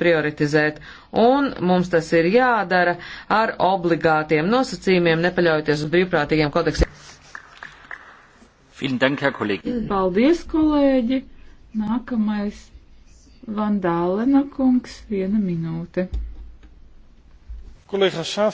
prioritizēt, un mums tas ir jādara ar obligātiem nosacījumiem, nepaļaujoties uz brīvprātīgiem kodeksiem. Paldies, kolēģi! Nākamais Vandālena kungs, viena minūte. Collega Saaf